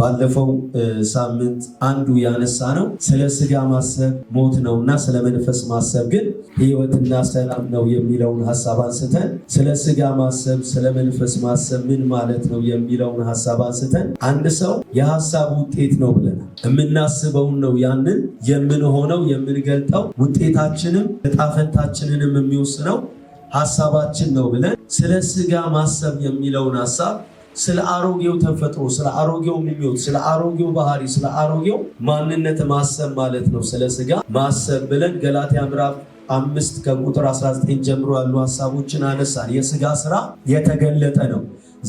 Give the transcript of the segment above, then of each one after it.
ባለፈው ሳምንት አንዱ ያነሳ ነው ስለ ስጋ ማሰብ ሞት ነው እና ስለ መንፈስ ማሰብ ግን ህይወትና ሰላም ነው የሚለውን ሀሳብ አንስተን ስለ ስጋ ማሰብ ስለ መንፈስ ማሰብ ምን ማለት ነው የሚለውን ሀሳብ አንስተን አንድ ሰው የሀሳብ ውጤት ነው ብለናል። የምናስበውን ነው ያንን የምንሆነው የምንገልጠው ውጤታችንም እጣፈንታችንንም የሚወስነው ሀሳባችን ነው ብለን ስለ ስጋ ማሰብ የሚለውን ሀሳብ ስለ አሮጌው ተፈጥሮ፣ ስለ አሮጌው ምኞት፣ ስለ አሮጌው ባህሪ፣ ስለ አሮጌው ማንነት ማሰብ ማለት ነው። ስለ ስጋ ማሰብ ብለን ገላትያ ምዕራፍ አምስት ከቁጥር 19 ጀምሮ ያሉ ሀሳቦችን አነሳን። የስጋ ስራ የተገለጠ ነው።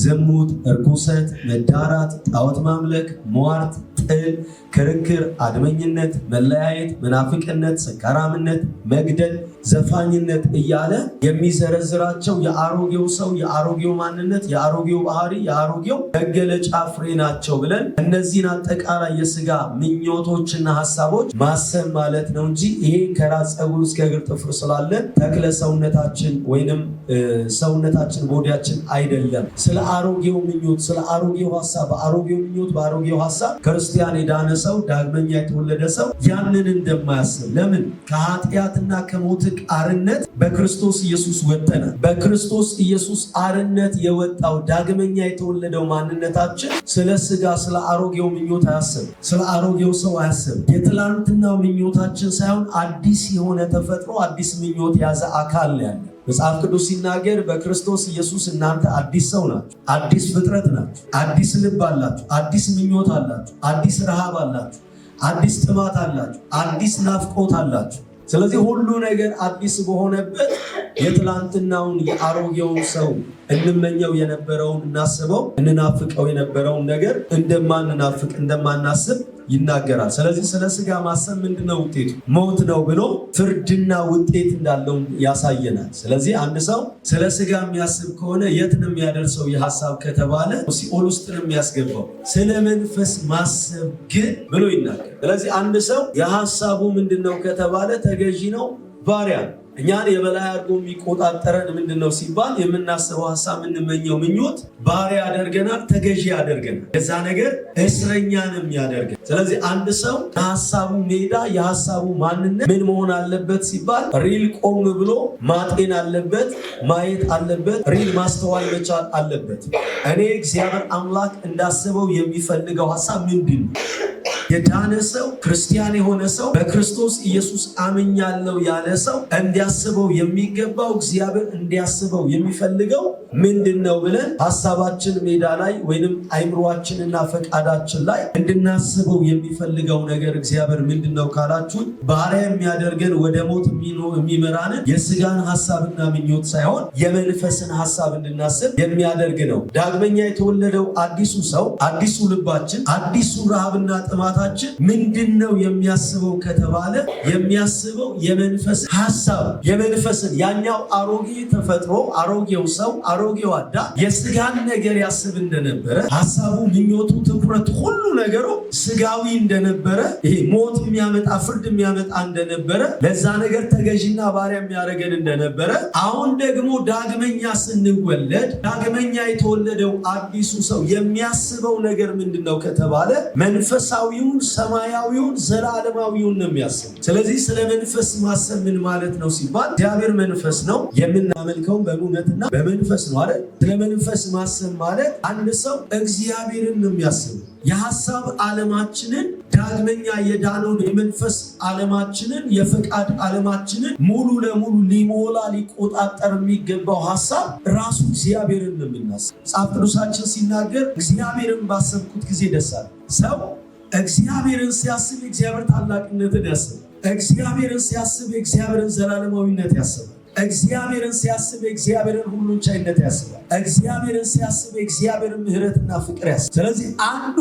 ዝሙት፣ እርኩሰት፣ መዳራት፣ ጣዖት ማምለክ፣ ሟርት ጥል፣ ክርክር፣ አድመኝነት፣ መለያየት፣ መናፍቅነት፣ ሰካራምነት፣ መግደል፣ ዘፋኝነት እያለ የሚዘረዝራቸው የአሮጌው ሰው የአሮጌው ማንነት የአሮጌው ባህሪ የአሮጌው መገለጫ ፍሬ ናቸው ብለን እነዚህን አጠቃላይ የስጋ ምኞቶችና ሀሳቦች ማሰብ ማለት ነው እንጂ ይሄ ከራስ ፀጉር እስከ እግር ጥፍር ስላለ ተክለ ሰውነታችን ወይንም ሰውነታችን ቦዲያችን አይደለም። ስለ አሮጌው ምኞት፣ ስለ አሮጌው ሀሳብ፣ በአሮጌው ምኞት፣ በአሮጌው ሀሳብ ክርስቲያን ክርስቲያን የዳነ ሰው ዳግመኛ የተወለደ ሰው ያንን እንደማያስብ ለምን? ከኃጢአትና ከሞትቅ አርነት በክርስቶስ ኢየሱስ ወጠናል። በክርስቶስ ኢየሱስ አርነት የወጣው ዳግመኛ የተወለደው ማንነታችን ስለ ስጋ ስለ አሮጌው ምኞት አያስብ፣ ስለ አሮጌው ሰው አያስብ። የትላንትናው ምኞታችን ሳይሆን አዲስ የሆነ ተፈጥሮ አዲስ ምኞት የያዘ አካል ያለ መጽሐፍ ቅዱስ ሲናገር በክርስቶስ ኢየሱስ እናንተ አዲስ ሰው ናችሁ፣ አዲስ ፍጥረት ናችሁ፣ አዲስ ልብ አላችሁ፣ አዲስ ምኞት አላችሁ፣ አዲስ ረሃብ አላችሁ፣ አዲስ ጥማት አላችሁ፣ አዲስ ናፍቆት አላችሁ። ስለዚህ ሁሉ ነገር አዲስ በሆነበት የትላንትናውን የአሮጌውን ሰው እንመኘው የነበረውን እናስበው እንናፍቀው የነበረውን ነገር እንደማንናፍቅ እንደማናስብ ይናገራል። ስለዚህ ስለ ስጋ ማሰብ ምንድነው ውጤቱ? ሞት ነው ብሎ ፍርድና ውጤት እንዳለው ያሳየናል። ስለዚህ አንድ ሰው ስለ ስጋ የሚያስብ ከሆነ የት ነው የሚያደርሰው? የሀሳብ ከተባለ ሲኦል ውስጥ ነው የሚያስገባው። ስለ መንፈስ ማሰብ ግን ብሎ ይናገር። ስለዚህ አንድ ሰው የሀሳቡ ምንድነው ከተባለ ተገዢ ነው፣ ባሪያ ነው። እኛን የበላይ አድርጎ የሚቆጣጠረን ምንድን ነው ሲባል የምናስበው ሀሳብ፣ የምንመኘው ምኞት ባሪያ ያደርገናል፣ ተገዢ ያደርገናል። ከዛ ነገር እስረኛንም ያደርገን። ስለዚህ አንድ ሰው የሀሳቡ ሜዳ የሀሳቡ ማንነት ምን መሆን አለበት ሲባል ሪል ቆም ብሎ ማጤን አለበት፣ ማየት አለበት፣ ሪል ማስተዋል መቻል አለበት። እኔ እግዚአብሔር አምላክ እንዳስበው የሚፈልገው ሀሳብ ምንድን ነው? የዳነ ሰው ክርስቲያን የሆነ ሰው በክርስቶስ ኢየሱስ አምኛለሁ ያለ ሰው እንዲያስበው የሚገባው እግዚአብሔር እንዲያስበው የሚፈልገው ምንድን ነው ብለን ሀሳባችን ሜዳ ላይ ወይንም አይምሯችንና ፈቃዳችን ላይ እንድናስበው የሚፈልገው ነገር እግዚአብሔር ምንድን ነው ካላችሁን ባሪያ የሚያደርገን ወደ ሞት የሚመራንን የስጋን ሀሳብና ምኞት ሳይሆን የመንፈስን ሀሳብ እንድናስብ የሚያደርግ ነው። ዳግመኛ የተወለደው አዲሱ ሰው አዲሱ ልባችን አዲሱ ረሃብና ጥማት አባታችን ምንድን ነው የሚያስበው ከተባለ የሚያስበው የመንፈስ ሀሳብ የመንፈስን ያኛው አሮጌ ተፈጥሮ አሮጌው ሰው አሮጌው አዳ የስጋን ነገር ያስብ እንደነበረ ሀሳቡ፣ ምኞቱ፣ ትኩረት ሁሉ ነገሩ ስጋዊ እንደነበረ ይሄ ሞት የሚያመጣ ፍርድ የሚያመጣ እንደነበረ ለዛ ነገር ተገዥና ባሪያ የሚያደርገን እንደነበረ አሁን ደግሞ ዳግመኛ ስንወለድ ዳግመኛ የተወለደው አዲሱ ሰው የሚያስበው ነገር ምንድን ነው ከተባለ መንፈሳዊው ሰማያዊውን ሰማያዊውን ዘላለማዊውን ነው የሚያስብ። ስለዚህ ስለ መንፈስ ማሰብ ምን ማለት ነው ሲባል እግዚአብሔር መንፈስ ነው፣ የምናመልከውን በእውነትና በመንፈስ ነው አለ። ስለ መንፈስ ማሰብ ማለት አንድ ሰው እግዚአብሔርን ነው የሚያስብ። የሀሳብ ዓለማችንን ዳግመኛ የዳነውን የመንፈስ ዓለማችንን የፈቃድ ዓለማችንን ሙሉ ለሙሉ ሊሞላ ሊቆጣጠር የሚገባው ሀሳብ ራሱ እግዚአብሔርን ነው የምናስብ። መጽሐፍ ቅዱሳችን ሲናገር እግዚአብሔርን ባሰብኩት ጊዜ ደሳል ሰው እግዚአብሔርን ሲያስብ እግዚአብሔር ታላቅነትን ያስባል። እግዚአብሔርን ሲያስብ እግዚአብሔርን ዘላለማዊነት ያስባል። እግዚአብሔርን ሲያስብ እግዚአብሔርን ሁሉን ቻይነት ያስብ። እግዚአብሔርን ሲያስብ እግዚአብሔርን ምሕረትና ፍቅር ያስብ። ስለዚህ አንዱ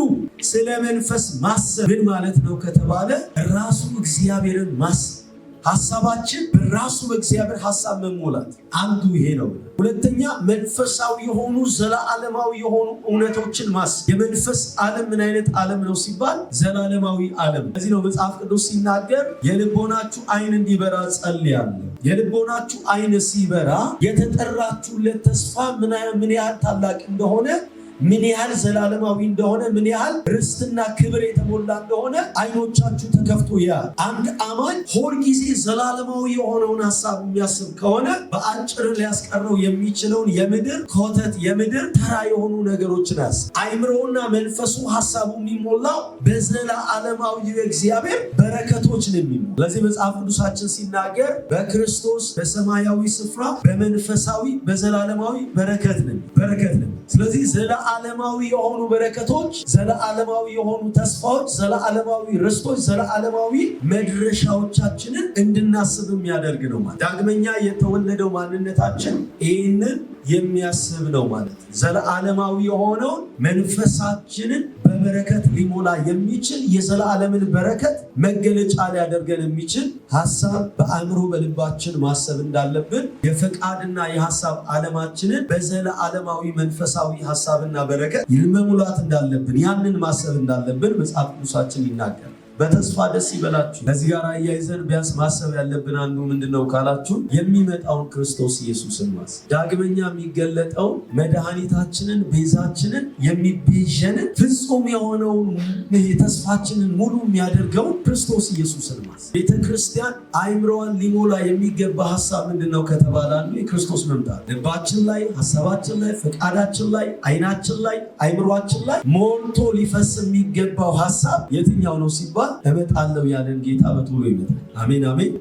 ስለ መንፈስ ማሰብ ምን ማለት ነው ከተባለ ራሱ እግዚአብሔርን ማሰብ ሀሳባችን በራሱ በእግዚአብሔር ሀሳብ መሞላት አንዱ ይሄ ነው። ሁለተኛ መንፈሳዊ የሆኑ ዘላለማዊ የሆኑ እውነቶችን ማስ የመንፈስ ዓለም ምን አይነት ዓለም ነው ሲባል ዘላለማዊ ዓለም። ለዚህ ነው መጽሐፍ ቅዱስ ሲናገር የልቦናችሁ ዓይን እንዲበራ ጸልያለ የልቦናችሁ ዓይን ሲበራ የተጠራችሁለት ተስፋ ምን ያህል ታላቅ እንደሆነ ምን ያህል ዘላለማዊ እንደሆነ ምን ያህል ርስትና ክብር የተሞላ እንደሆነ አይኖቻችሁ ተከፍቶ ያል። አንድ አማኝ ሁል ጊዜ ዘላለማዊ የሆነውን ሀሳብ የሚያስብ ከሆነ በአጭር ሊያስቀረው የሚችለውን የምድር ኮተት፣ የምድር ተራ የሆኑ ነገሮችን ያስ አይምሮውና መንፈሱ ሀሳቡ የሚሞላው በዘላለማዊ እግዚአብሔር በረከቶች ነው የሚሞ ለዚህ መጽሐፍ ቅዱሳችን ሲናገር በክርስቶስ በሰማያዊ ስፍራ በመንፈሳዊ በዘላለማዊ በረከት ነው በረከት ነው። ስለዚህ ዘላ ዘለዓለማዊ የሆኑ በረከቶች፣ ዘለዓለማዊ የሆኑ ተስፋዎች፣ ዘለዓለማዊ ርስቶች፣ ዘለዓለማዊ መድረሻዎቻችንን እንድናስብ የሚያደርግ ነው ማለት ዳግመኛ የተወለደው ማንነታችን ይህንን የሚያስብ ነው ማለት ነው። ዘለዓለማዊ የሆነውን መንፈሳችንን በበረከት ሊሞላ የሚችል የዘላለምን በረከት መገለጫ ሊያደርገን የሚችል ሀሳብ በአእምሮ በልባችን ማሰብ እንዳለብን የፈቃድና የሀሳብ ዓለማችንን በዘለዓለማዊ መንፈሳዊ ሀሳብና በረከት መሙላት እንዳለብን ያንን ማሰብ እንዳለብን መጽሐፍ ቅዱሳችን ይናገራል። በተስፋ ደስ ይበላችሁ። ከዚህ ጋር አያይዘን ቢያንስ ማሰብ ያለብን አንዱ ምንድን ነው ካላችሁ የሚመጣውን ክርስቶስ ኢየሱስን ማስ ዳግመኛ የሚገለጠው መድኃኒታችንን ቤዛችንን የሚቤዠንን ፍጹም የሆነውን ተስፋችንን ሙሉ የሚያደርገውን ክርስቶስ ኢየሱስን ማስ ቤተ ክርስቲያን አይምሮዋን ሊሞላ የሚገባ ሀሳብ ምንድን ነው ከተባለ አንዱ የክርስቶስ መምጣት ልባችን ላይ ሀሳባችን ላይ ፈቃዳችን ላይ አይናችን ላይ አይምሯችን ላይ ሞልቶ ሊፈስ የሚገባው ሀሳብ የትኛው ነው ሲባል እመጣለሁ ያለን ጌታ በቶሎ ይመጣል። አሜን አሜን።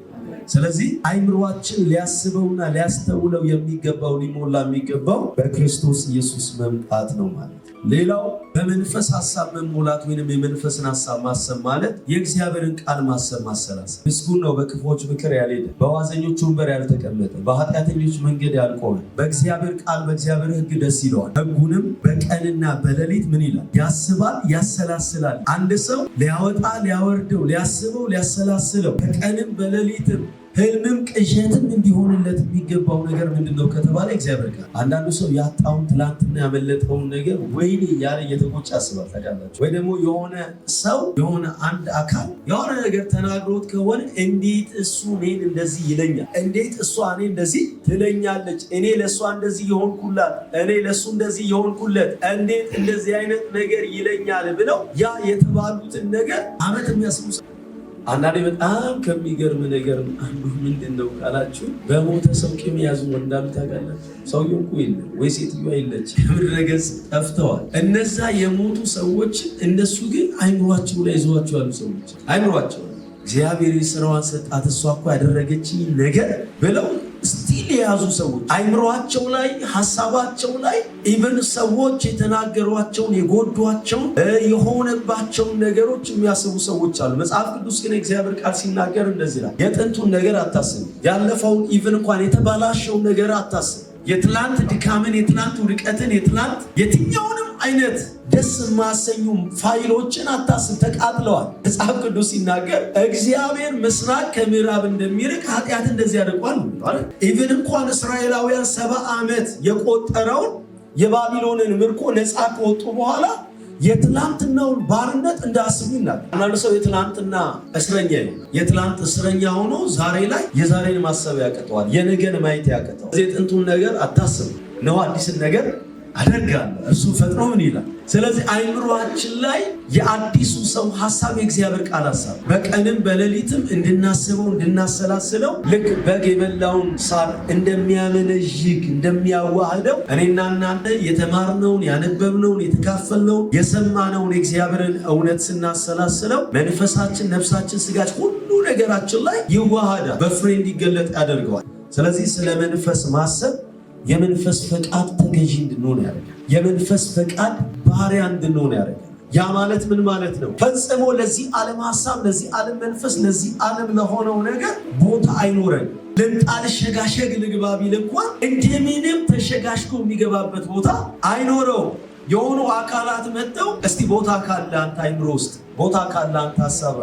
ስለዚህ አይምሯችን ሊያስበውና ሊያስተውለው የሚገባው ሊሞላ የሚገባው በክርስቶስ ኢየሱስ መምጣት ነው ማለት ሌላው በመንፈስ ሀሳብ መሞላት ወይም የመንፈስን ሀሳብ ማሰብ ማለት የእግዚአብሔርን ቃል ማሰብ ማሰላሰል። ምስጉን ነው በክፎች ምክር ያልሄደ፣ በዋዘኞች ወንበር ያልተቀመጠ፣ በኃጢአተኞች መንገድ ያልቆመ፣ በእግዚአብሔር ቃል በእግዚአብሔር ሕግ ደስ ይለዋል። ሕጉንም በቀንና በሌሊት ምን ይላል? ያስባል፣ ያሰላስላል። አንድ ሰው ሊያወጣ ሊያወርደው፣ ሊያስበው፣ ሊያሰላስለው በቀንም በሌሊትም ህልምም ቅዠትም እንዲሆንለት የሚገባው ነገር ምንድን ነው ከተባለ እግዚአብሔር ጋር። አንዳንዱ ሰው ያጣውን ትላንትና ያመለጠውን ነገር ወይኔ ያለ እየተቆጭ ያስባል። ታውቃላችሁ ወይ ደግሞ የሆነ ሰው የሆነ አንድ አካል የሆነ ነገር ተናግሮት ከሆነ እንዴት እሱ እኔን እንደዚህ ይለኛል፣ እንዴት እሷ እኔ እንደዚህ ትለኛለች፣ እኔ ለእሷ እንደዚህ የሆንኩላት፣ እኔ ለእሱ እንደዚህ የሆንኩለት፣ እንዴት እንደዚህ አይነት ነገር ይለኛል ብለው ያ የተባሉትን ነገር አመት የሚያስቡ አንዳንዴ በጣም ከሚገርም ነገር አንዱ ምንድን ነው ካላችሁ በሞተ ሰው ቂም ያዙ እንዳሉ ታውቃላችሁ። ሰውየው እኮ የለ ወይ ሴትዮዋ የለች ምድረገጽ ገጽ ጠፍተዋል። እነዛ የሞቱ ሰዎች እነሱ ግን አይምሯቸው ላይ ይዘዋቸው ያሉ ሰዎች አይምሯቸው እግዚአብሔር የስራዋን ሰጣት እሷ እኮ ያደረገች ነገር ብለው የያዙ ሰዎች አይምሯቸው ላይ ሀሳባቸው ላይ ኢቨን ሰዎች የተናገሯቸውን የጎዷቸውን የሆነባቸውን ነገሮች የሚያስቡ ሰዎች አሉ። መጽሐፍ ቅዱስ ግን እግዚአብሔር ቃል ሲናገር እንደዚህ ይላል፣ የጥንቱን ነገር አታስብ፣ ያለፈውን ኢቨን እንኳን የተባላሸውን ነገር አታስብ የትላንት ድካምን፣ የትላንት ውድቀትን፣ የትላንት የትኛውንም አይነት ደስ የማያሰኙም ፋይሎችን አታስብ፣ ተቃጥለዋል። መጽሐፍ ቅዱስ ሲናገር እግዚአብሔር ምስራቅ ከምዕራብ እንደሚርቅ ኃጢአት እንደዚህ ያደርጓል። ኢቨን እንኳን እስራኤላውያን ሰባ ዓመት የቆጠረውን የባቢሎንን ምርኮ ነፃ ከወጡ በኋላ የትላንትናውን ባርነት እንዳስቡ ይናል። አንዳንድ ሰው የትላንትና እስረኛ ነው። የትላንት እስረኛ ሆኖ ዛሬ ላይ የዛሬን ማሰብ ያቅተዋል፣ የነገን ማየት ያቅተዋል። የጥንቱን ነገር አታስብ ነው አዲስን ነገር አደርጋለሁ እርሱ ፈጥኖ ምን ይላል። ስለዚህ አይምሯችን ላይ የአዲሱ ሰው ሀሳብ የእግዚአብሔር ቃል ሀሳብ በቀንም በሌሊትም እንድናስበው እንድናሰላስለው ልክ በግ የበላውን ሳር እንደሚያመነዥግ እንደሚያዋህደው እኔና እናንተ የተማርነውን ያነበብነውን የተካፈልነውን የሰማነውን የእግዚአብሔርን እውነት ስናሰላስለው መንፈሳችን፣ ነፍሳችን፣ ስጋች ሁሉ ነገራችን ላይ ይዋሃዳል፣ በፍሬ እንዲገለጥ ያደርገዋል። ስለዚህ ስለ መንፈስ ማሰብ የመንፈስ ፈቃድ ተገዢ እንድንሆን ያደርጋል። የመንፈስ ፈቃድ ባሪያ እንድንሆን ያደርጋል። ያ ማለት ምን ማለት ነው? ፈጽሞ ለዚህ ዓለም ሀሳብ፣ ለዚህ ዓለም መንፈስ፣ ለዚህ ዓለም ለሆነው ነገር ቦታ አይኖረን። ልንጣል ሸጋሸግ ልግባ ቢል እንኳን እንደምንም ተሸጋሽጎ የሚገባበት ቦታ አይኖረው። የሆኑ አካላት መጥተው እስቲ ቦታ ካለ አንተ አይምሮ ውስጥ ቦታ ካለ አንተ ሀሳብ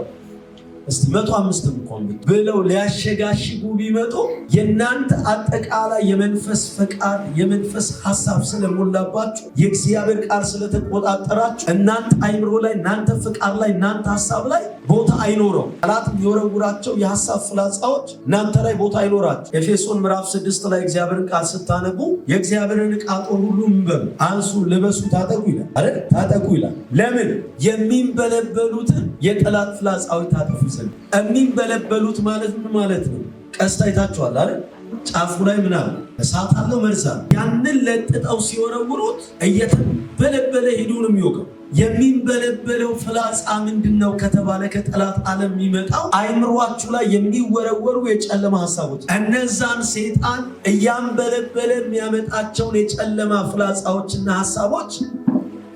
እስቲ መቶ አምስትም እንኳን ብለው ሊያሸጋሽጉ ቢመጡ የእናንተ አጠቃላይ የመንፈስ ፈቃድ የመንፈስ ሀሳብ ስለሞላባችሁ የእግዚአብሔር ቃል ስለተቆጣጠራችሁ እናንተ አይምሮ ላይ እናንተ ፈቃድ ላይ እናንተ ሀሳብ ላይ ቦታ አይኖረው። ጠላት የሚወረውራቸው የሀሳብ ፍላጻዎች እናንተ ላይ ቦታ አይኖራቸው። ኤፌሶን ምዕራፍ ስድስት ላይ እግዚአብሔርን ቃል ስታነቡ የእግዚአብሔርን ዕቃ ጦር ሁሉ እንበሉ፣ አንሱ፣ ልበሱ፣ ታጠቁ ይላል። ታጠቁ ይላል። ለምን የሚንበለበሉትን የጠላት ፍላጻዎች ታጠፉ ስል የሚንበለበሉት ማለት ምን ማለት ነው? ቀስት አይታችኋል አይደል? ጫፉ ላይ ምናምን እሳት አለው መርዛ ያንን ለጥጠው ሲወረውሩት እየተንበለበለ ሄዶ ነው የሚወቀው። የሚንበለበለው ፍላጻ ምንድን ነው ከተባለ ከጠላት ዓለም የሚመጣው አይምሯችሁ ላይ የሚወረወሩ የጨለማ ሀሳቦች፣ እነዛን ሴጣን እያንበለበለ የሚያመጣቸውን የጨለማ ፍላጻዎችና ሀሳቦች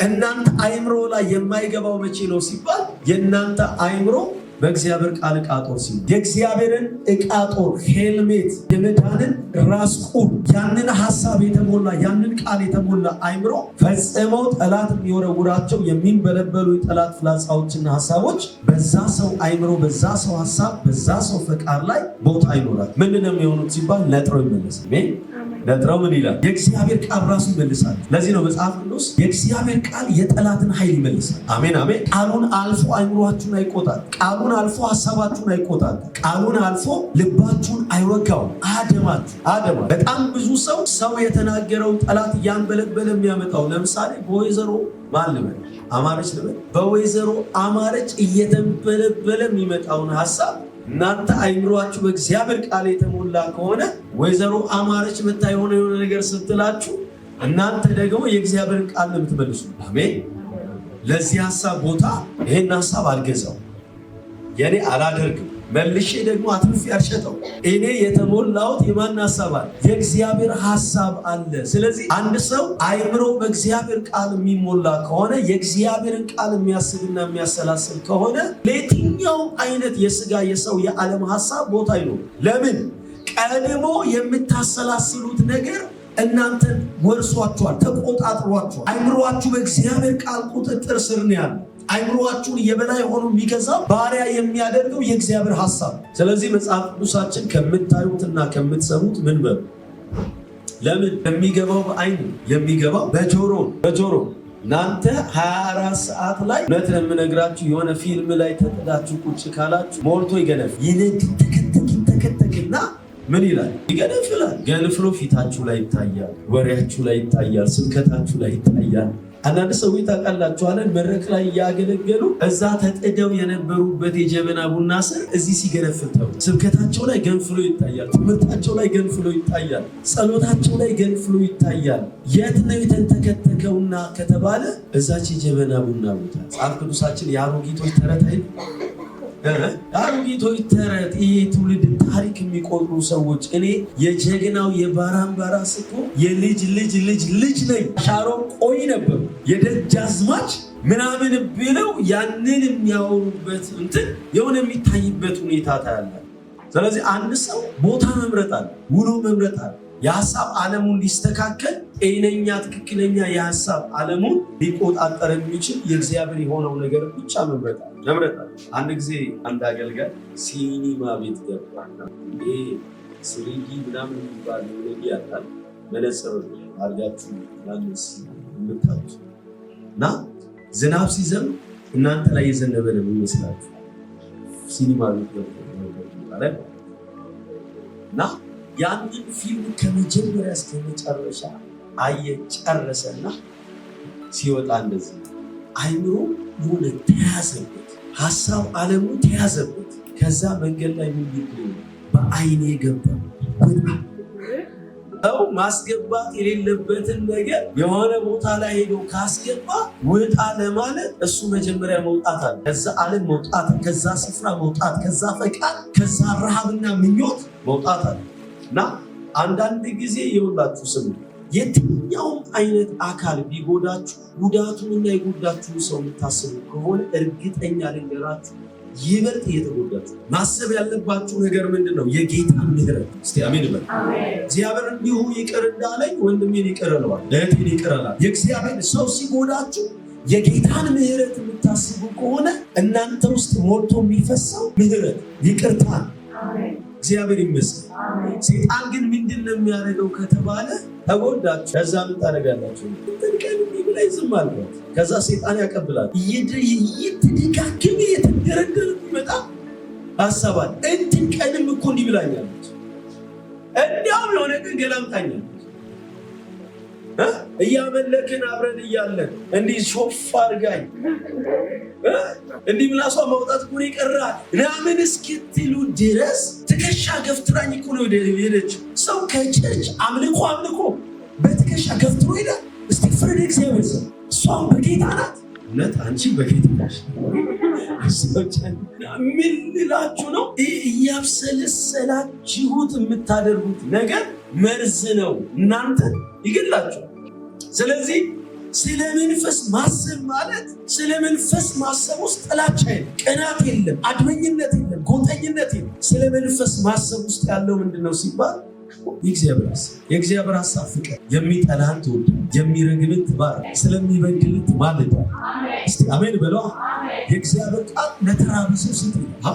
እናንተ አይምሮ ላይ የማይገባው መቼ ነው ሲባል የእናንተ አይምሮ በእግዚአብሔር ቃል ዕቃ ጦር ሲ የእግዚአብሔርን ዕቃ ጦር ሄልሜት የመዳንን ራስ ቁር ያንን ሀሳብ የተሞላ ያንን ቃል የተሞላ አይምሮ ፈጽመው ጠላት የሚወረውራቸው የሚንበለበሉ የጠላት ፍላጻዎችና ሀሳቦች በዛ ሰው አይምሮ በዛ ሰው ሀሳብ በዛ ሰው ፈቃድ ላይ ቦታ ይኖራል። ምንድን ነው የሚሆኑት ሲባል ነጥሮ ይመለሳል። ነጥረው ምን ይላል? የእግዚአብሔር ቃል ራሱ ይመልሳል። ለዚህ ነው መጽሐፍ ቅዱስ የእግዚአብሔር ቃል የጠላትን ኃይል ይመልሳል። አሜን አሜን። ቃሉን አልፎ አይምሯችሁን አይቆጣል። ቃሉን አልፎ ሀሳባችሁን አይቆጣል። ቃሉን አልፎ ልባችሁን አይወጋው። አደማችሁ አደማ። በጣም ብዙ ሰው ሰው የተናገረው ጠላት እያንበለበለ የሚያመጣው ለምሳሌ በወይዘሮ ማን አማረች ልበል፣ በወይዘሮ አማረች እየተንበለበለ የሚመጣውን ሀሳብ እናንተ አይምሯችሁ በእግዚአብሔር ቃል የተሞላ ከሆነ ወይዘሮ አማረች መታ የሆነ የሆነ ነገር ስትላችሁ እናንተ ደግሞ የእግዚአብሔር ቃል ነው የምትመልሱ። አሜን። ለዚህ ሀሳብ ቦታ ይህን ሀሳብ አልገዛው የኔ አላደርግም መልሼ ደግሞ አትርፌ ያልሸጠው እኔ የተሞላሁት የማን ሀሳብ አለ? የእግዚአብሔር ሀሳብ አለ። ስለዚህ አንድ ሰው አይምሮ በእግዚአብሔር ቃል የሚሞላ ከሆነ የእግዚአብሔርን ቃል የሚያስብና የሚያሰላስል ከሆነ ለየትኛው አይነት የስጋ የሰው የዓለም ሀሳብ ቦታ ይኖ ለምን? ቀድሞ የምታሰላስሉት ነገር እናንተን ወርሷችኋል፣ ተቆጣጥሯችኋል። አይምሯችሁ በእግዚአብሔር ቃል ቁጥጥር ስር ነው ያለው። አይምሯችሁን የበላይ የሆኑ የሚገዛው ባሪያ የሚያደርገው የእግዚአብሔር ሀሳብ። ስለዚህ መጽሐፍ ቅዱሳችን ከምታዩትና ከምትሰሙት ምን በሉ ለምን የሚገባው በአይን የሚገባው በጆሮ በጆሮ እናንተ 24 ሰዓት ላይ እውነት የምነግራችሁ የሆነ ፊልም ላይ ተጥዳችሁ ቁጭ ካላችሁ ሞልቶ ይገነፍ ይነድ ተከተክ ተከተክና ምን ይላል? ይገነፍ ይላል። ገንፍሎ ፊታችሁ ላይ ይታያል፣ ወሬያችሁ ላይ ይታያል፣ ስብከታችሁ ላይ ይታያል። አንዳንድ ሰዎች ታውቃላችኋለን፣ መድረክ ላይ እያገለገሉ እዛ ተጥደው የነበሩበት የጀበና ቡና ስር እዚህ ሲገነፍተው ስብከታቸው ላይ ገንፍሎ ይታያል፣ ትምህርታቸው ላይ ገንፍሎ ይታያል፣ ጸሎታቸው ላይ ገንፍሎ ይታያል። የት ነው የተንተከተከውና ከተባለ እዛች የጀበና ቡና ቦታ መጽሐፍ ቅዱሳችን የአሮጊቶች ተረታይ አሮጊቷ ተረት ይሄ ትውልድ ታሪክ የሚቆጥሩ ሰዎች እኔ የጀግናው የባራምባራ ስኮ የልጅ ልጅ ልጅ ልጅ ነኝ ሻሮ ቆይ ነበር የደጃዝማች ምናምን ብለው ያንን የሚያወሩበት እንትን የሆነ የሚታይበት ሁኔታ ታያለ። ስለዚህ አንድ ሰው ቦታ መምረጣል ውሎ መምረጣል፣ የሀሳብ ዓለሙ እንዲስተካከል ጤነኛ ትክክለኛ የሀሳብ ዓለሙን ሊቆጣጠር የሚችል የእግዚአብሔር የሆነው ነገር ብቻ መምረጣል መምረጣል። አንድ ጊዜ አንድ አገልጋይ ሲኒማ ቤት ገባና ይህ ስሪጊ ምናምን የሚባል ሆነ ያጣል መነጽር አድርጋችሁ ያንስ የምታዩት እና ዝናብ ሲዘም እናንተ ላይ የዘነበ ነው የሚመስላችሁ። ሲኒማ ቤት ገባ እና ያንን ፊልም ከመጀመሪያ እስከ መጨረሻ አየ ጨረሰና ሲወጣ እንደዚህ አይምሮ የሆነ ተያዘበት፣ ሀሳብ አለሙ ተያዘበት። ከዛ መንገድ ላይ ምን ነው በአይኔ ገባ ሰው ማስገባት የሌለበትን ነገር የሆነ ቦታ ላይ ሄዶ ካስገባ ውጣ ለማለት እሱ መጀመሪያ መውጣት አለ። ከዛ ዓለም መውጣት፣ ከዛ ስፍራ መውጣት፣ ከዛ ፈቃድ፣ ከዛ ረሃብና ምኞት መውጣት አለ እና አንዳንድ ጊዜ የሁላችሁ ስም የትኛውም አይነት አካል ቢጎዳችሁ ጉዳቱን እና የጎዳችሁ ሰው የምታስቡ ከሆነ እርግጠኛ ልንገራችሁ ይበልጥ እየተጎዳችሁ። ማሰብ ያለባችሁ ነገር ምንድን ነው? የጌታ ምህረት። እስቲ አሜን በል። እግዚአብሔር እንዲሁ ይቅር እንዳለኝ ወንድሜን ይቅር እለዋል፣ እህቴን ይቅር እላለሁ። የእግዚአብሔር ሰው ሲጎዳችሁ የጌታን ምህረት የምታስቡ ከሆነ እናንተ ውስጥ ሞልቶ የሚፈሰው ምህረት ይቅርታ እግዚአብሔር ይመስገን። ሴጣን ግን ምንድን ነው የሚያደርገው ከተባለ ተጎዳችሁ፣ ከዛ ምን ታደርጋላችሁ? ላይ ዝም አለ። ከዛ ሴጣን ያቀብላል። እየተደጋገመ እየተደረደረ የሚመጣ ሀሳባል እንትን ቀንም እኮ እንዲህ ብላኛለች፣ እንዲያውም የሆነ ቀን ገላምጣኛለች እያመለክን አብረን እያለን እንዲህ ሶፍ አድርጋኝ እንዲህ ምላሷ መውጣት እኮ ነው ይቀራል ምናምን እስክትሉ ድረስ ትከሻ ገፍትራኝ እኮ ነው ሰው ከቸርች አምልኮ አምልኮ በትከሻ ገፍትሮ ይላል። እስቲ ፍርድ እግዚአብሔር ሰው እሷም በጌታ ናት። እውነት አንቺ በጌታ ነሽ። ምን ልላችሁ ነው? እያብሰለሰላችሁት የምታደርጉት ነገር መርዝ ነው። እናንተ ይገላችሁ ስለዚህ ስለ መንፈስ ማሰብ ማለት ስለ መንፈስ ማሰብ ውስጥ ጥላቻ የለም፣ ቅናት የለም፣ አድመኝነት የለም፣ ጎጠኝነት የለም። ስለ መንፈስ ማሰብ ውስጥ ያለው ምንድን ነው ሲባል የእግዚአብሔር ሀሳብ ፍቅር የሚጠላህን ትውድ የሚረግብን ትባር ስለሚበድልን ትማልዳ አሜን በለ የእግዚአብሔር ቃል ለተራበ ሰው ስጥ።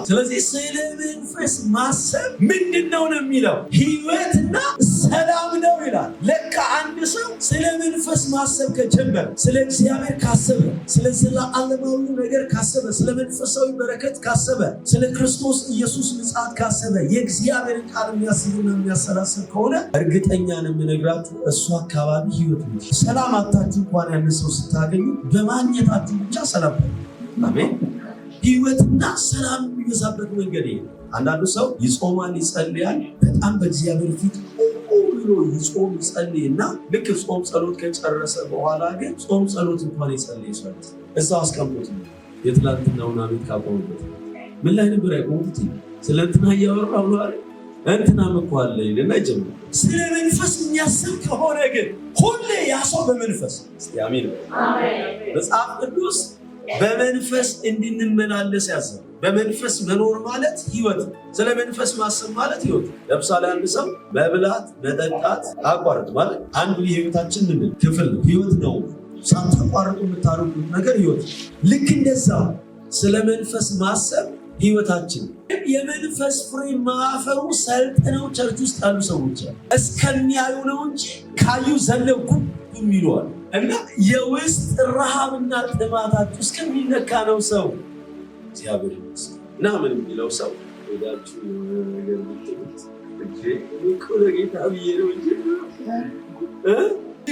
ስለዚህ ስለ መንፈስ ማሰብ ምንድን ነው ነው የሚለው ህይወትና ሰላም ነው ይላል። ለካ አንድ ሰው ስለ መንፈስ ማሰብ ከጀመረ ስለ እግዚአብሔር ካሰበ ስለ ስለ ዓለማዊ ነገር ካሰበ ስለ መንፈሳዊ በረከት ካሰበ ስለ ክርስቶስ ኢየሱስ ምጽአት ካሰበ የእግዚአብሔርን ቃል የሚያስብና የሚያሰላ የምታስብ ከሆነ እርግጠኛ ነው የምነግራችሁ እሱ አካባቢ ህይወት ነች። ሰላም አታችሁ እንኳን ያለ ሰው ስታገኙ በማግኘታችሁ ብቻ ሰላም አሜን። ህይወትና ሰላም የሚበዛበት መንገድ ይሄ። አንዳንዱ ሰው ይጾማል፣ ይጸልያል በጣም በእግዚአብሔር ፊት ብሎ ይጾም ይጸልይ እና ልክ ጾም ጸሎት ከጨረሰ በኋላ ግን ጾም ጸሎት እንኳን የጸልይ ይሰት እዛው አስቀምጦት ነው የትላንትናውን አቤት ካቆሙበት ምን ላይ ነበር ያቆሙት? ስለንትና እያወራ ብለዋል እንትናም እኮ ይልና ይጀምር። ስለ መንፈስ የሚያስብ ከሆነ ግን ሁሌ ያ በመንፈስ አሜን። መጽሐፍ ቅዱስ በመንፈስ እንድንመላለስ ያዘ። በመንፈስ መኖር ማለት ህይወት፣ ስለ መንፈስ ማሰብ ማለት ህይወት። ለምሳሌ አንድ ሰው መብላት መጠጣት አቋርጥ ማለት አንዱ የህይወታችን ምንድን ክፍል ነው፣ ህይወት ነው። ሳታቋርጡ የምታደርጉት ነገር ህይወት። ልክ እንደዛ ስለ መንፈስ ማሰብ ህይወታችን የመንፈስ ፍሬ ማፈሩ ሰልጥነው ቸርች ውስጥ ያሉ ሰዎች እስከሚያዩ ነው እንጂ ካዩ ዘለው የሚለዋል እና የውስጥ ረሃብና ጥማታችሁ እስከሚነካ ነው ሰው እግዚአብሔር ይመስገን እና ምን የሚለው ሰው ሄዳችሁ ነገር ምትት እ ቆለጌታ ብዬ ነው እ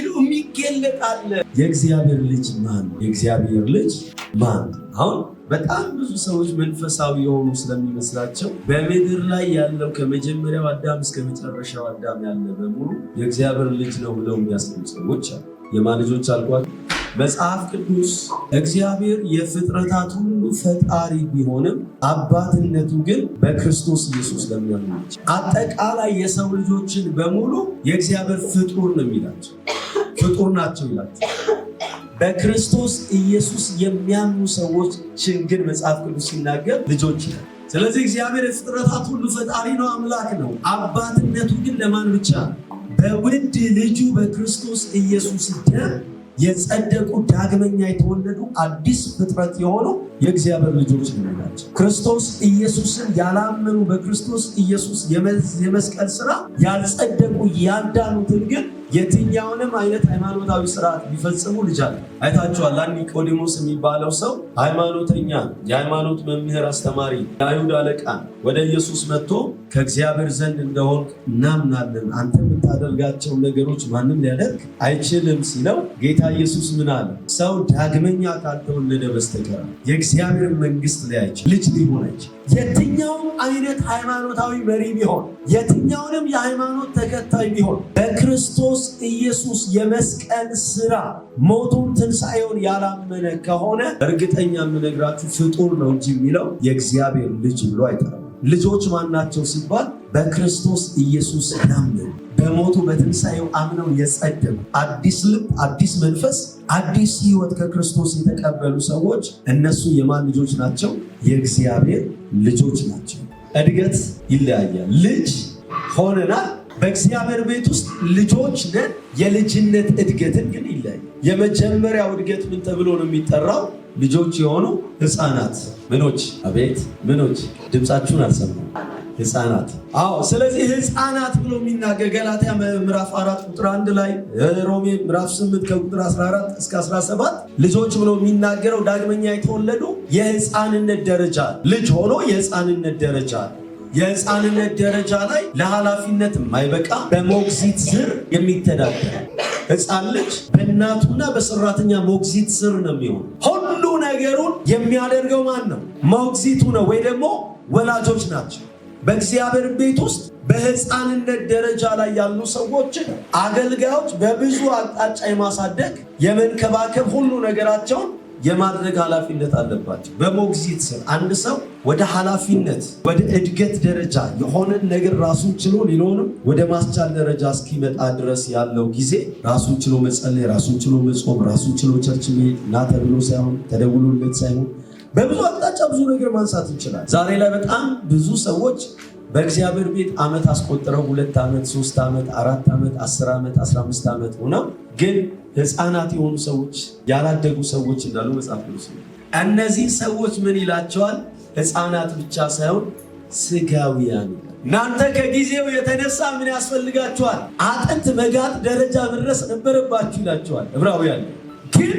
የሚገለጣለ የእግዚአብሔር ልጅ ማን? የእግዚአብሔር ልጅ ማን? አሁን በጣም ብዙ ሰዎች መንፈሳዊ የሆኑ ስለሚመስላቸው በምድር ላይ ያለው ከመጀመሪያው አዳም እስከ መጨረሻው አዳም ያለ በሙሉ የእግዚአብሔር ልጅ ነው ብለው የሚያስቡ ሰዎች አሉ። የማን ልጆች አልኳቸው? መጽሐፍ ቅዱስ እግዚአብሔር የፍጥረታት ሁሉ ፈጣሪ ቢሆንም አባትነቱ ግን በክርስቶስ ኢየሱስ ለሚያምናቸው አጠቃላይ የሰው ልጆችን በሙሉ የእግዚአብሔር ፍጡር ነው የሚላቸው ፍጡር ናቸው ይላል። በክርስቶስ ኢየሱስ የሚያምኑ ሰዎች ግን መጽሐፍ ቅዱስ ሲናገር ልጆች ይላል። ስለዚህ እግዚአብሔር የፍጥረታት ሁሉ ፈጣሪ ነው፣ አምላክ ነው። አባትነቱ ግን ለማን ብቻ? በውድ ልጁ በክርስቶስ ኢየሱስ ደም የጸደቁ ዳግመኛ የተወለዱ አዲስ ፍጥረት የሆኑ የእግዚአብሔር ልጆች ናቸው። ክርስቶስ ኢየሱስን ያላመኑ በክርስቶስ ኢየሱስ የመስቀል ስራ ያልጸደቁ ያዳኑትን ግን የትኛውንም አይነት ሃይማኖታዊ ስርዓት ቢፈጽሙ ልጅ አለ። አይታችኋል። አንድ ኒቆዲሞስ የሚባለው ሰው ሃይማኖተኛ፣ የሃይማኖት መምህር፣ አስተማሪ፣ የአይሁድ አለቃ ወደ ኢየሱስ መጥቶ ከእግዚአብሔር ዘንድ እንደሆን እናምናለን፣ አንተ የምታደርጋቸው ነገሮች ማንም ሊያደርግ አይችልም ሲለው ጌታ ኢየሱስ ምን አለ? ሰው ዳግመኛ ካልተወለደ በስተቀር የእግዚአብሔር መንግስት አይችል ልጅ ሊሆን አይችል የትኛውም አይነት ሃይማኖታዊ መሪ ቢሆን የትኛውንም የሃይማኖት ተከታይ ቢሆን በክርስቶስ ኢየሱስ የመስቀል ስራ ሞቱን ትንሣኤውን ያላመነ ከሆነ እርግጠኛ የምነግራችሁ ፍጡር ነው እንጂ የሚለው የእግዚአብሔር ልጅ ብሎ አይጠራም። ልጆች ማናቸው ሲባል በክርስቶስ ኢየሱስ ያምን በሞቱ በትንሣኤው አምነው የጸደሙ አዲስ ልብ፣ አዲስ መንፈስ፣ አዲስ ህይወት ከክርስቶስ የተቀበሉ ሰዎች እነሱ የማን ልጆች ናቸው? የእግዚአብሔር ልጆች ናቸው። እድገት ይለያያል። ልጅ ሆነናል። በእግዚአብሔር ቤት ውስጥ ልጆች ነን። የልጅነት እድገትን ግን ይለያል። የመጀመሪያው እድገት ምን ተብሎ ነው የሚጠራው? ልጆች የሆኑ ህፃናት ምኖች፣ አቤት ምኖች፣ ድምፃችሁን አልሰማሁም ህፃናት አዎ ስለዚህ ህፃናት ብሎ የሚናገር ገላትያ ምዕራፍ አራት ቁጥር አንድ ላይ ሮሜ ምዕራፍ ስምንት ከቁጥር 14 እስከ 17 ልጆች ብሎ የሚናገረው ዳግመኛ የተወለዱ የህፃንነት ደረጃ ልጅ ሆኖ የህፃንነት ደረጃ የህፃንነት ደረጃ ላይ ለኃላፊነት የማይበቃ በሞግዚት ስር የሚተዳደር ህፃን ልጅ በእናቱና በሰራተኛ ሞግዚት ስር ነው የሚሆን። ሁሉ ነገሩን የሚያደርገው ማን ነው? ሞግዚቱ ነው ወይ ደግሞ ወላጆች ናቸው። በእግዚአብሔር ቤት ውስጥ በህፃንነት ደረጃ ላይ ያሉ ሰዎችን አገልጋዮች በብዙ አቅጣጫ የማሳደግ የመንከባከብ ሁሉ ነገራቸውን የማድረግ ኃላፊነት አለባቸው። በሞግዚት ስር አንድ ሰው ወደ ኃላፊነት ወደ እድገት ደረጃ የሆነን ነገር ራሱን ችሎ ሊኖርም ወደ ማስቻል ደረጃ እስኪመጣ ድረስ ያለው ጊዜ ራሱን ችሎ መጸለይ፣ ራሱን ችሎ መጾም፣ ራሱን ችሎ ቸርች እና ተብሎ ሳይሆን ተደውሎለት ሳይሆን በብዙ አቅጣጫ ብዙ ነገር ማንሳት እንችላል። ዛሬ ላይ በጣም ብዙ ሰዎች በእግዚአብሔር ቤት ዓመት አስቆጥረው ሁለት ዓመት፣ ሶስት ዓመት፣ አራት ዓመት፣ አስር ዓመት፣ አስራ አምስት ዓመት ሆነው ግን ህፃናት የሆኑ ሰዎች ያላደጉ ሰዎች እንዳሉ መጽሐፍ ቅዱስ እነዚህ ሰዎች ምን ይላቸዋል? ህፃናት ብቻ ሳይሆን ስጋውያን እናንተ ከጊዜው የተነሳ ምን ያስፈልጋችኋል? አጥንት መጋጥ ደረጃ መድረስ ነበረባችሁ ይላቸዋል። ዕብራውያን ግን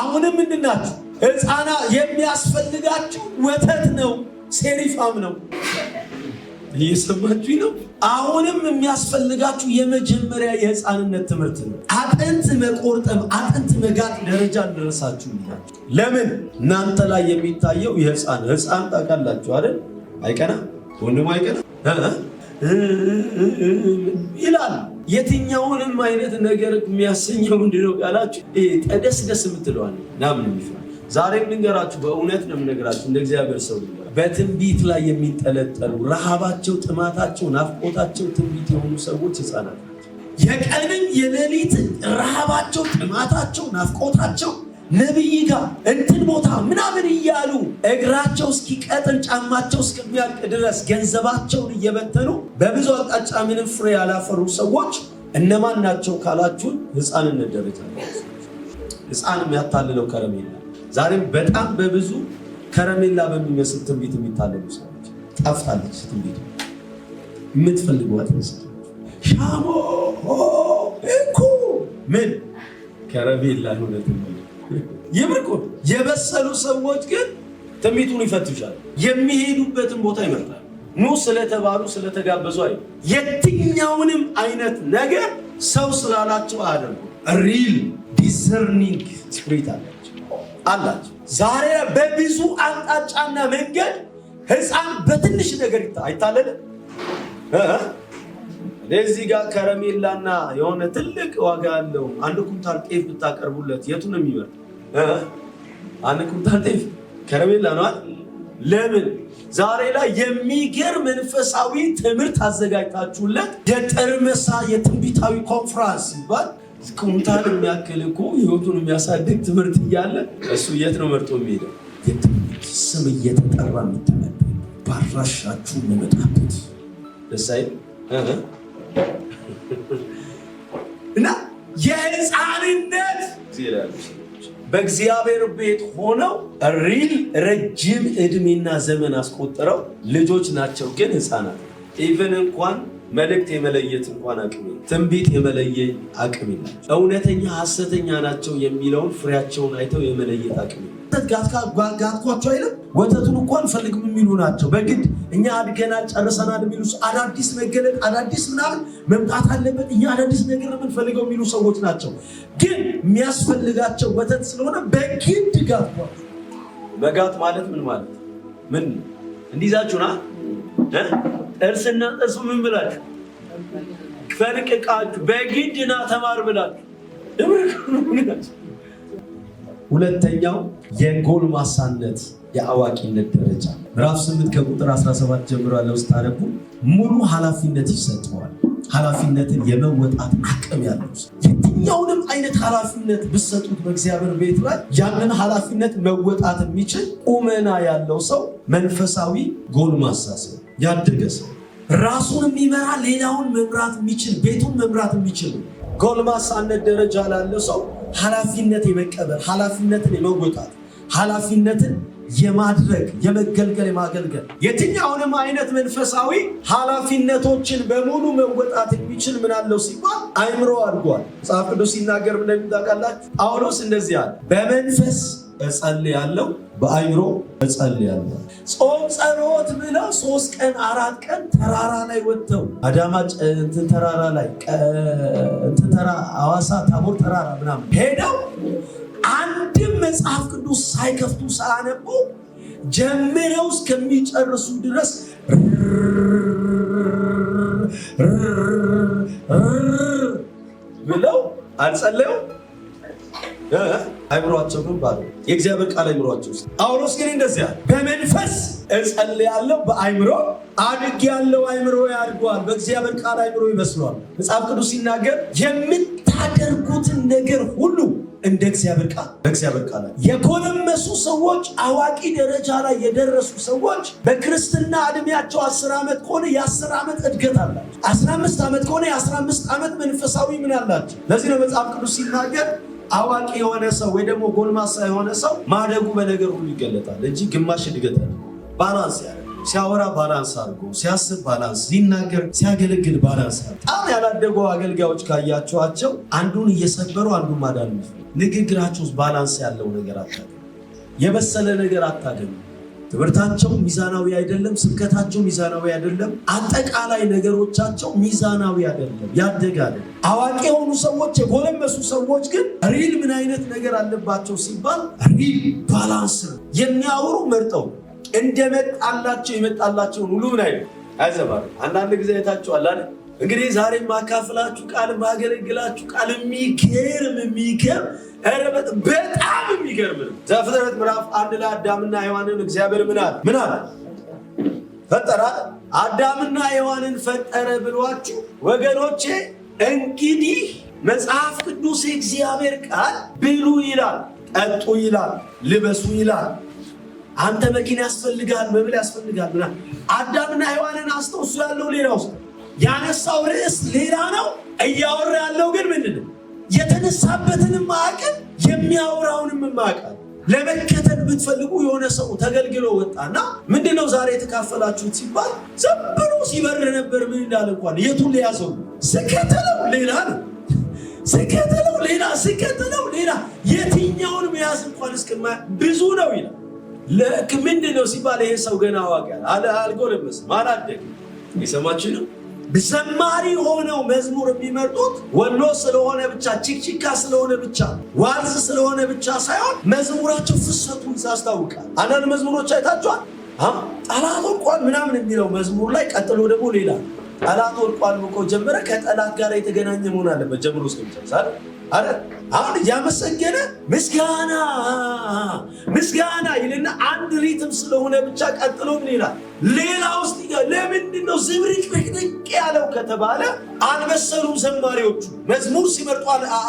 አሁንም ምንድናችሁ ህፃና የሚያስፈልጋቸው ወተት ነው፣ ሴሪፋም ነው። እየሰማችሁ ነው። አሁንም የሚያስፈልጋችሁ የመጀመሪያ የህፃንነት ትምህርት ነው። አጥንት መቆርጠም አጥንት መጋጥ ደረጃ ደረሳችሁ። ለምን እናንተ ላይ የሚታየው የህፃን ህፃን ታውቃላችሁ አይደል? አይቀና ወንድም አይቀና ይላል። የትኛውንም አይነት ነገር የሚያሰኘው ምንድነው? ቃላችሁ ተደስደስ የምትለዋል ናምን የሚፈ ዛሬም ልንገራችሁ፣ በእውነት ነው የምነግራችሁ፣ እንደ እግዚአብሔር ሰው በትንቢት ላይ የሚጠለጠሉ ረሃባቸው፣ ጥማታቸው፣ ናፍቆታቸው ትንቢት የሆኑ ሰዎች ህፃናት ናቸው። የቀንም የሌሊት ረሃባቸው፣ ጥማታቸው፣ ናፍቆታቸው ነቢይ ጋር እንትን ቦታ ምናምን እያሉ እግራቸው እስኪቀጥን ጫማቸው እስከሚያልቅ ድረስ ገንዘባቸውን እየበተኑ በብዙ አቅጣጫ ምንም ፍሬ ያላፈሩ ሰዎች እነማን ናቸው ካላችሁን፣ ህፃንነት ደረጃ ህፃን የሚያታልለው ከረሜላ ዛሬም በጣም በብዙ ከረሜላ በሚመስል ትንቢት የሚታለሉ ሰዎች ጠፍታለች። ትንቢት የምትፈልገው አትመስል። ሻሞ እኩ ምን ከረሜላ ሆነ ትንቢት ይምርቁ። የበሰሉ ሰዎች ግን ትንቢቱን ይፈትሻል። የሚሄዱበትን ቦታ ይመርጣል። ኑ ስለተባሉ ስለተጋበዙ አይ የትኛውንም አይነት ነገር ሰው ስላላቸው አያደርጉ ሪል ዲሰርኒንግ ስፕሪት አለ አላቸው። ዛሬ በብዙ አቅጣጫና መንገድ ህፃን በትንሽ ነገር አይታለልም። እዚህ ጋር ከረሜላና የሆነ ትልቅ ዋጋ ያለው አንድ ኩንታል ጤፍ ብታቀርቡለት የቱ ነው የሚበል? አንድ ኩንታል ጤፍ ከረሜላ ነዋል። ለምን ዛሬ ላይ የሚገር መንፈሳዊ ትምህርት አዘጋጅታችሁለት የጠርመሳ የትንቢታዊ ኮንፍራንስ ይባል ቁምታን የሚያክል እኮ ህይወቱን የሚያሳድግ ትምህርት እያለ እሱ የት ነው መርጦ የሚሄደው? የትምህርት ስም እየተጠራ የሚተነብ ባራሻችሁ መመጣበት ደሳይ እና የህፃንነት በእግዚአብሔር ቤት ሆነው ሪል ረጅም እድሜና ዘመን አስቆጥረው ልጆች ናቸው፣ ግን ህፃናት ኢቨን እንኳን መልእክት የመለየት እንኳን አቅም ትንቢት የመለየ አቅም እውነተኛ ሐሰተኛ ናቸው የሚለውን ፍሬያቸውን አይተው የመለየት አቅም ጋትኳቸው አይለም ወተቱን እንኳን አንፈልግም የሚሉ ናቸው። በግድ እኛ አድገናል ጨርሰናል የሚሉ አዳዲስ መገለጥ አዳዲስ ምናምን መምጣት አለበት እኛ አዳዲስ ነገር የምንፈልገው የሚሉ ሰዎች ናቸው። ግን የሚያስፈልጋቸው ወተት ስለሆነ በግድ ጋትኳቸው። መጋት ማለት ምን ማለት ምን እንዲዛችሁና እርስና እርሱ ምን ብላችሁ ፈልቅቃችሁ በግድ ና ተማር ብላችሁ። ሁለተኛው የጎልማሳነት የአዋቂነት ደረጃ ምዕራፍ 8 ከቁጥር 17 ጀምሮ ያለው ስታነቡ ሙሉ ኃላፊነት ይሰጠዋል። ኃላፊነትን የመወጣት አቅም ያለው የትኛውንም አይነት ኃላፊነት ብሰጡት በእግዚአብሔር ቤት ላይ ያንን ኃላፊነት መወጣት የሚችል ቁመና ያለው ሰው መንፈሳዊ ጎልማሳ ሰው ያደገ ሰው ራሱን የሚመራ ሌላውን መምራት የሚችል ቤቱን መምራት የሚችል ጎልማሳነት ደረጃ ላለ ሰው ኃላፊነት የመቀበል ኃላፊነትን የመወጣት ኃላፊነትን የማድረግ የመገልገል የማገልገል የትኛውንም አይነት መንፈሳዊ ኃላፊነቶችን በሙሉ መወጣት የሚችል ምናለው ሲባል አይምሮ አድጓል። መጽሐፍ ቅዱስ ሲናገር ምንደሚታውቃላችሁ ጳውሎስ እንደዚህ አለ በመንፈስ እጸልያለሁ፣ በአይሮ እጸልያለሁ። ጾም ጸሎት ብለው ሶስት ቀን አራት ቀን ተራራ ላይ ወጥተው አዳማ እንትን ተራራ ላይ እንትን ተራ አዋሳ ታቦር ተራራ ምናምን ሄደው አንድም መጽሐፍ ቅዱስ ሳይከፍቱ ሳያነቡ ጀምረው እስከሚጨርሱ ድረስ ብለው አልጸለዩም። አይምሯቸው ግን ባዶ የእግዚአብሔር ቃል አይምሯቸው ውስጥ ጳውሎስ ግን እንደዚያ በመንፈስ እጸልያለሁ በአይምሮ አድግ ያለው አይምሮ ያድጓል። በእግዚአብሔር ቃል አይምሮ ይመስሏል። መጽሐፍ ቅዱስ ሲናገር የምታደርጉትን ነገር ሁሉ እንደ እግዚአብሔር ቃል በእግዚአብሔር ቃል የኮለመሱ ሰዎች አዋቂ ደረጃ ላይ የደረሱ ሰዎች በክርስትና ዕድሜያቸው አስር ዓመት ከሆነ የአስር ዓመት እድገት አላቸው። አስራ አምስት ዓመት ከሆነ የአስራ አምስት ዓመት መንፈሳዊ ምን አላቸው። ለዚህ ነው መጽሐፍ ቅዱስ ሲናገር አዋቂ የሆነ ሰው ወይ ደግሞ ጎልማሳ የሆነ ሰው ማደጉ በነገር ሁሉ ይገለጣል እንጂ ግማሽ እድገት ባላንስ ያለ ሲያወራ ባላንስ አድርጎ ሲያስብ ባላንስ ሲናገር ሲያገለግል ባላንስ አድርጎ በጣም ያላደጉ አገልጋዮች ካያቸዋቸው አንዱን እየሰበሩ አንዱን ማዳን ንግግራቸው ውስጥ ባላንስ ያለው ነገር አታገኙ። የበሰለ ነገር አታገኙ። ትምህርታቸው ሚዛናዊ አይደለም። ስብከታቸው ሚዛናዊ አይደለም። አጠቃላይ ነገሮቻቸው ሚዛናዊ አይደለም። ያደጋለን አዋቂ የሆኑ ሰዎች፣ የጎለመሱ ሰዎች ግን ሪል ምን አይነት ነገር አለባቸው ሲባል ሪል ባላንስ ነው የሚያወሩ መርጠው እንደመጣላቸው የመጣላቸውን ሁሉ ምን አይነት አይዘባል። አንዳንድ ጊዜ አይታችኋል። እንግዲህ ዛሬ ማካፍላችሁ ቃል ማገለግላችሁ ቃል የሚገርም የሚገርም በጣም የሚገርም ነው። ዘፍጥረት ምዕራፍ አንድ ላይ አዳምና ሔዋንን እግዚአብሔር ምናል ምናል ፈጠራ አዳምና ሔዋንን ፈጠረ ብሏችሁ ወገኖቼ እንግዲህ መጽሐፍ ቅዱስ የእግዚአብሔር ቃል ብሉ ይላል፣ ጠጡ ይላል፣ ልበሱ ይላል። አንተ መኪና ያስፈልጋል፣ መብል ያስፈልጋል አዳምና ሔዋንን አስተውሱ ያለው ሌላ ውስጥ ያነሳው ርዕስ ሌላ ነው። እያወራ ያለው ግን ምንድን የተነሳበትንም ማዕቀል የሚያወራውንም ማዕቀል ለመከተል ብትፈልጉ የሆነ ሰው ተገልግሎ ወጣና ምንድነው ዛሬ የተካፈላችሁት ሲባል ዘብሎ ሲበር ነበር። ምን እንዳለ እንኳን የቱን ሊያዘው ስከተለው ሌላ ነው። ስከተለው ሌላ፣ ስከተለው ሌላ። የትኛውን መያዝ እንኳን እስከማ ብዙ ነው ይላል። ለክ ምንድን ነው ሲባል ይሄ ሰው ገና አዋቂ አልጎለመስም፣ አላደግም። የሰማችሁ ነው። ዘማሪ ሆነው መዝሙር የሚመርጡት ወሎ ስለሆነ ብቻ ቺክቺካ ስለሆነ ብቻ ዋልዝ ስለሆነ ብቻ ሳይሆን መዝሙራቸው ፍሰቱን ያስታውቃል። አንዳንድ መዝሙሮች አይታችኋል። ጠላት እንኳን ምናምን የሚለው መዝሙር ላይ ቀጥሎ ደግሞ ሌላ ጠላት ወድቋል ብቆ ጀመረ። ከጠላት ጋር የተገናኘ መሆን አለበት። ጀምሮ እስከ አረ አሁን እያመሰገነ ምስጋና ምስጋና ይልና አንድ ሪትም ስለሆነ ብቻ ቀጥሎ ምን ይላል? ሌላ ውስጥ ለምንድን ነው ዝብርቅ ብቅጥቅ ያለው ከተባለ አልመሰሉም። ዘማሪዎቹ መዝሙር ሲመርጡ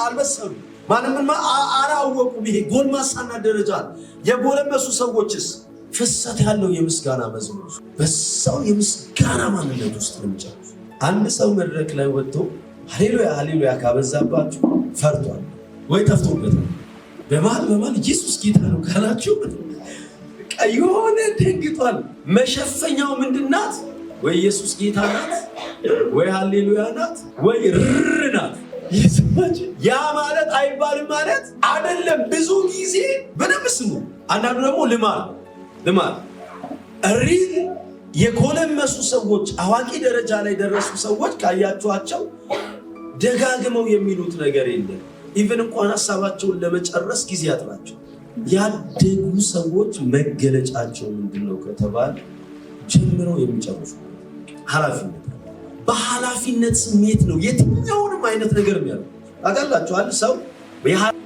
አልመሰሉም። ማንም አላወቁም። ይሄ ጎልማሳና ደረጃ የጎለመሱ ሰዎችስ ፍሰት ያለው የምስጋና መዝሙር በዛው የምስጋና ማንነት ውስጥ ልምጫሉ። አንድ ሰው መድረክ ላይ ወጥቶ ሀሌሉያ ሀሌሉያ ካበዛባችሁ ፈርቷል ወይ ጠፍቶበታል። በማል በማል ኢየሱስ ጌታ ነው ካላችሁ የሆነ ደንግጧል። መሸፈኛው ምንድናት? ወይ ኢየሱስ ጌታ ናት፣ ወይ ሀሌሉያ ናት፣ ወይ ርር ናት። ያ ማለት አይባልም ማለት አይደለም። ብዙ ጊዜ በደንብ ስሙ። አንዳንዱ ደግሞ ልማል ልማት እሪል የኮለመሱ ሰዎች አዋቂ ደረጃ ላይ ደረሱ ሰዎች ካያችኋቸው ደጋግመው የሚሉት ነገር የለም። ኢቨን እንኳን ሀሳባቸውን ለመጨረስ ጊዜ ያጥራቸው። ያደጉ ሰዎች መገለጫቸው ምንድን ነው ከተባለ ጀምረው የሚጨርሱ ኃላፊነት በኃላፊነት ስሜት ነው የትኛውንም አይነት ነገር የሚያደርጉት ታውቃላችኋል ሰው